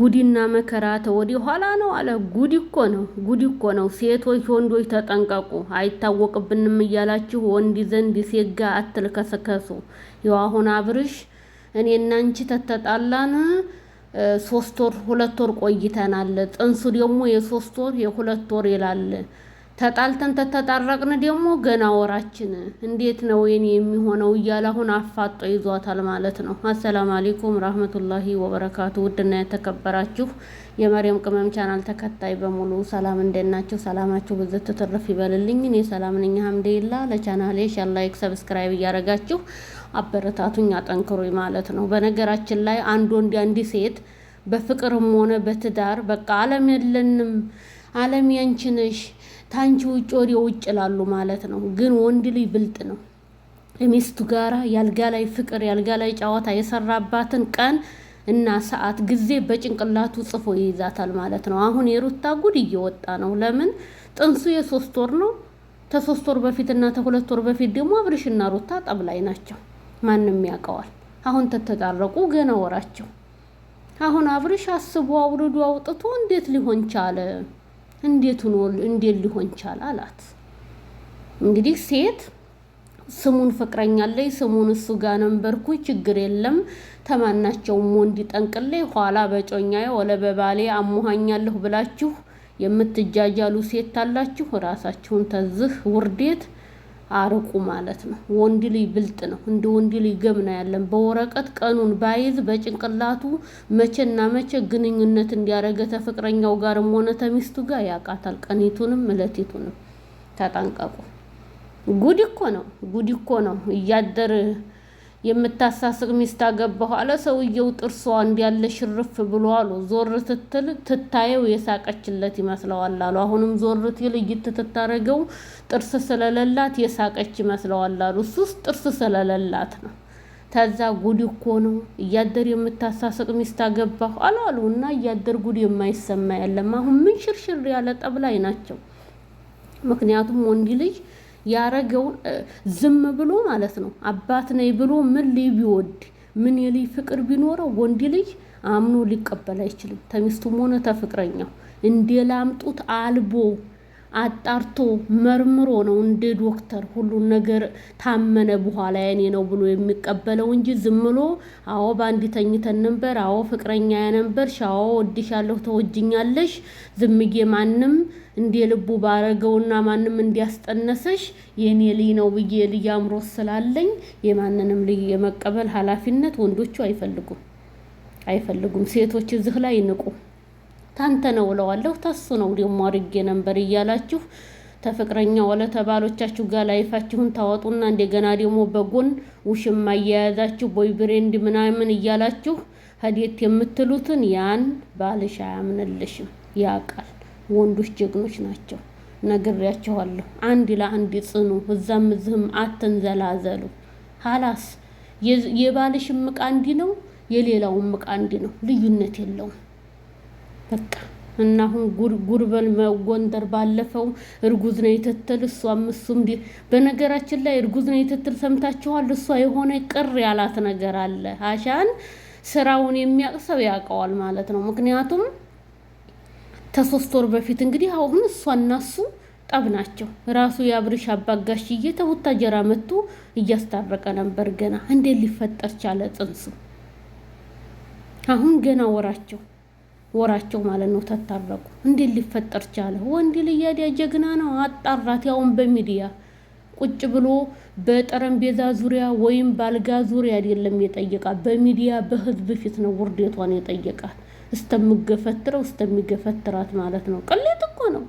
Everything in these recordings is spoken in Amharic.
ጉዲና መከራ ተወዲ ኋላ ነው አለ። ጉድ እኮ ነው፣ ጉድ እኮ ነው። ሴቶች ወንዶች ተጠንቀቁ፣ አይታወቅብንም እያላችሁ ወንድ ዘንድ ሴት ጋ አትልከሰከሱ። ያው አሁን አብርሽ እኔ እናንቺ ተተጣላን ሶስት ወር ሁለት ወር ቆይተናል። ጥንሱ ደግሞ የሶስት ወር የሁለት ወር ይላል። ተጣልተን ተተጣረቅን ደግሞ ገና ወራችን እንዴት ነው የኔ የሚሆነው እያለ አሁን አፋጦ ይዟታል ማለት ነው። አሰላሙ አሌይኩም ራህመቱላሂ ወበረካቱ። ውድና የተከበራችሁ የመሪም ቅመም ቻናል ተከታይ በሙሉ ሰላም እንደናችሁ? ሰላማችሁ ብዝት ትትርፍ ይበልልኝ። እኔ ሰላም ነኝ ሐምዴላ። ለቻናሌ ሼር፣ ላይክ፣ ሰብስክራይብ እያደረጋችሁ አበረታቱኝ፣ አጠንክሩኝ ማለት ነው። በነገራችን ላይ አንድ ወንድ አንዲት ሴት በፍቅርም ሆነ በትዳር በቃ አለም የለንም አለም ያንችንሽ ታንቺ ውጭ ወዲ ውጭ ላሉ ማለት ነው። ግን ወንድ ልጅ ብልጥ ነው። ሚስቱ ጋራ ያልጋ ላይ ፍቅር፣ ያልጋ ላይ ጨዋታ የሰራባትን ቀን እና ሰዓት ጊዜ በጭንቅላቱ ጽፎ ይይዛታል ማለት ነው። አሁን የሩታ ጉድ እየወጣ ነው። ለምን ጥንሱ የሶስት ወር ነው። ከሶስት ወር በፊት እና ከሁለት ወር በፊት ደግሞ አብርሽና ሩታ ጠብ ላይ ናቸው። ማንም ያውቀዋል። አሁን ተተጣረቁ ገና ወራቸው። አሁን አብርሽ አስቦ አውርዶ አውጥቶ እንዴት ሊሆን ቻለ? እንዴት ሆኖ እንዴት ሊሆን ቻለ አላት። እንግዲህ ሴት ስሙን ፍቅረኛ ስሙን እሱ ጋር ነበርኩ ችግር የለም ተማናቸውም ወንድ ጠንቅላይ ኋላ በጮኛዬ ወለ በባሌ አሞሃኛለሁ ብላችሁ የምትጃጃሉ ሴት አላችሁ። ራሳችሁን ተዝህ ውርዴት አርቁ ማለት ነው። ወንድ ልጅ ብልጥ ነው። እንደ ወንድ ልጅ ገምና ያለን በወረቀት ቀኑን ባይዝ በጭንቅላቱ መቼና መቼ ግንኙነት እንዲያደረገ ተፍቅረኛው ጋርም ሆነ ተሚስቱ ጋር ያውቃታል። ቀኒቱንም እለቲቱንም ተጠንቀቁ። ጉድ እኮ ነው፣ ጉድ እኮ ነው እያደር የምታሳስቅ ሚስት አገባሁ አለ ሰውየው። ጥርሷ እንዲያለ ሽርፍ ብሎ አሉ። ዞር ትትል ትታየው የሳቀችለት ይመስለዋል አሉ። አሁንም ዞር ትል እይት ትታረገው ጥርስ ስለሌላት የሳቀች ይመስለዋል አሉ። እሱስ ጥርስ ስለሌላት ነው። ተዛ ጉድ እኮ ነው እያደር የምታሳስቅ ሚስት አገባሁ አሉ አሉ እና እያደር ጉድ የማይሰማ ያለም አሁን ምን ሽርሽር ያለ ጠብላይ ናቸው። ምክንያቱም ወንድ ልጅ ያረገውን ዝም ብሎ ማለት ነው። አባት ነኝ ብሎ ምን ልይ ቢወድ ምን የልይ ፍቅር ቢኖረው ወንድ ልጅ አምኖ ሊቀበል አይችልም። ተሚስቱም ሆነ ተፍቅረኛው እንዴ ላምጡት አልቦ አጣርቶ መርምሮ ነው እንደ ዶክተር ሁሉን ነገር ታመነ በኋላ የኔ ነው ብሎ የሚቀበለው እንጂ ዝም ብሎ አዎ በአንድ ተኝተን ነበር፣ አዎ ፍቅረኛ ነበርሽ፣ አዎ ወድሻለሁ፣ ተወጅኛለሽ ዝምጌ ማንም እንደ ልቡ ባረገውና ማንም እንዲያስጠነሰሽ የኔ ልይ ነው ብዬ ልይ አምሮት ስላለኝ የማንንም ልይ የመቀበል ኃላፊነት ወንዶቹ አይፈልጉም አይፈልጉም። ሴቶች እዚህ ላይ ንቁ። ታንተ ነው ብለዋለሁ ተሱ ነው ደግሞ አድርጌ ነበር እያላችሁ ተፍቅረኛ ወለ ተባሎቻችሁ ጋር ላይፋችሁን ታወጡና እንደገና ደግሞ በጎን ውሽማ እየያዛችሁ ቦይ ብሬንድ ምናምን እያላችሁ ሀዴት የምትሉትን ያን ባልሽ አያምንልሽም። ያቃል ወንዶች ጀግኖች ናቸው። ነግሬያችኋለሁ። አንድ ለአንድ ጽኑ፣ እዛም እዚህም አትንዘላዘሉ። ሀላስ የባልሽም እቃ አንድ ነው፣ የሌላውም ዕቃ አንድ ነው። ልዩነት የለውም። በቃ እና አሁን ጉርበን ጎንደር ባለፈው እርጉዝ ነው የትትል እሷም እሱም በነገራችን ላይ እርጉዝ ነው የተተል ሰምታችኋል። እሷ የሆነ ቅር ያላት ነገር አለ። አሻን ስራውን የሚያቅሰው ያውቀዋል ማለት ነው። ምክንያቱም ከሶስት ወር በፊት እንግዲህ አሁን እሷ እና እሱ ጠብ ናቸው። ራሱ የአብርሽ አባጋሽዬ ጀራ መጥቶ እያስታረቀ ነበር። ገና እንዴት ሊፈጠር ቻለ? ጽንሱ አሁን ገና ወራቸው ወራቸው ማለት ነው ተታረቁ። እንዴት ሊፈጠር ቻለ? ወንድ ልያዲያ ጀግና ነው። አጣራት ያውን በሚዲያ ቁጭ ብሎ በጠረጴዛ ዙሪያ ወይም በአልጋ ዙሪያ አይደለም የጠየቃት፣ በሚዲያ በህዝብ ፊት ነው ውርዴቷን የጠየቃት። እስተምገፈትረው እስተሚገፈትራት ማለት ነው። ቅሌት እኮ ነው።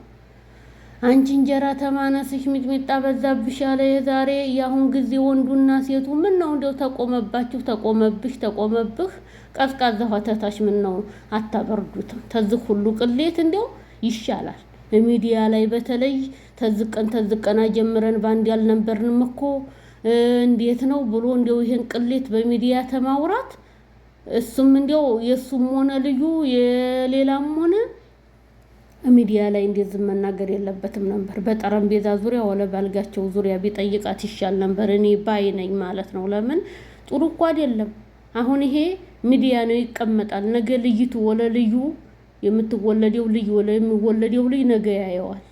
አንቺ እንጀራ ተማነስሽ ሚጥሚጣ በዛብሽ ያለ የዛሬ የአሁን ጊዜ ወንዱና ሴቱ ምን ነው እንደው ተቆመባችሁ፣ ተቆመብሽ፣ ተቆመብህ ቀዝቃዛ ሆተታሽ ምን ነው አታበርዱትም? ተዝህ ሁሉ ቅሌት እንዲያው ይሻላል። ሚዲያ ላይ በተለይ ተዝቀን ተዝቀና ጀምረን ባንድ ያልነበርንም እኮ እንዴት ነው ብሎ እንዲያው ይሄን ቅሌት በሚዲያ ተማውራት እሱም እንዲያው የእሱም ሆነ ልዩ የሌላም ሆነ ሚዲያ ላይ እንደዚህ መናገር የለበትም ነበር። በጠረጴዛ ዙሪያ ወለ ባልጋቸው ዙሪያ ቢጠይቃት ይሻል ነበር። እኔ ባይ ነኝ ማለት ነው። ለምን ጥሩ እኮ አይደለም። አሁን ይሄ ሚዲያ ነው ይቀመጣል። ነገ ልይቱ ወለ ልዩ የምትወለደው ልዩ ወለ የሚወለደው ልዩ ነገ ያየዋል።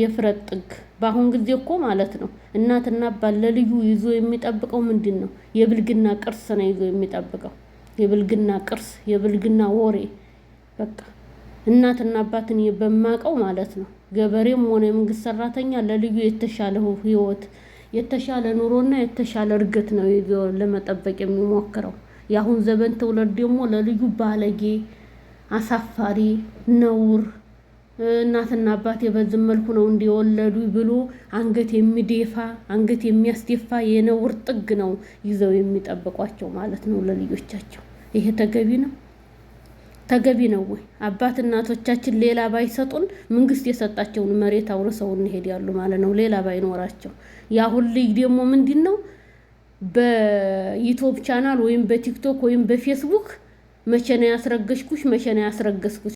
የፍረት ጥግ በአሁን ጊዜ እኮ ማለት ነው እናትና አባት ለልዩ ይዞ የሚጠብቀው ምንድን ነው? የብልግና ቅርስ ነው ይዞ የሚጠብቀው የብልግና ቅርስ፣ የብልግና ወሬ በቃ እናትና አባትን በማቀው ማለት ነው። ገበሬም ሆነ የመንግስት ሰራተኛ ለልዩ የተሻለ ህይወት፣ የተሻለ ኑሮና የተሻለ እድገት ነው ለመጠበቅ የሚሞክረው። የአሁን ዘመን ትውልድ ደግሞ ለልዩ ባለጌ፣ አሳፋሪ፣ ነውር እናትና አባት በዚህ መልኩ ነው እንዲወለዱ ብሎ አንገት የሚደፋ አንገት የሚያስደፋ የነውር ጥግ ነው ይዘው የሚጠብቋቸው ማለት ነው ለልጆቻቸው። ይሄ ተገቢ ነው? ተገቢ ነው ወይ? አባት እናቶቻችን ሌላ ባይሰጡን መንግስት የሰጣቸውን መሬት አውርሰው እንሄድ ያሉ ማለት ነው፣ ሌላ ባይኖራቸው። ያ ሁሉ ደግሞ ምንድን ነው በዩቲዩብ ቻናል ወይም በቲክቶክ ወይም በፌስቡክ መቼ ነው ያስረገሽኩሽ፣ መቼ ነው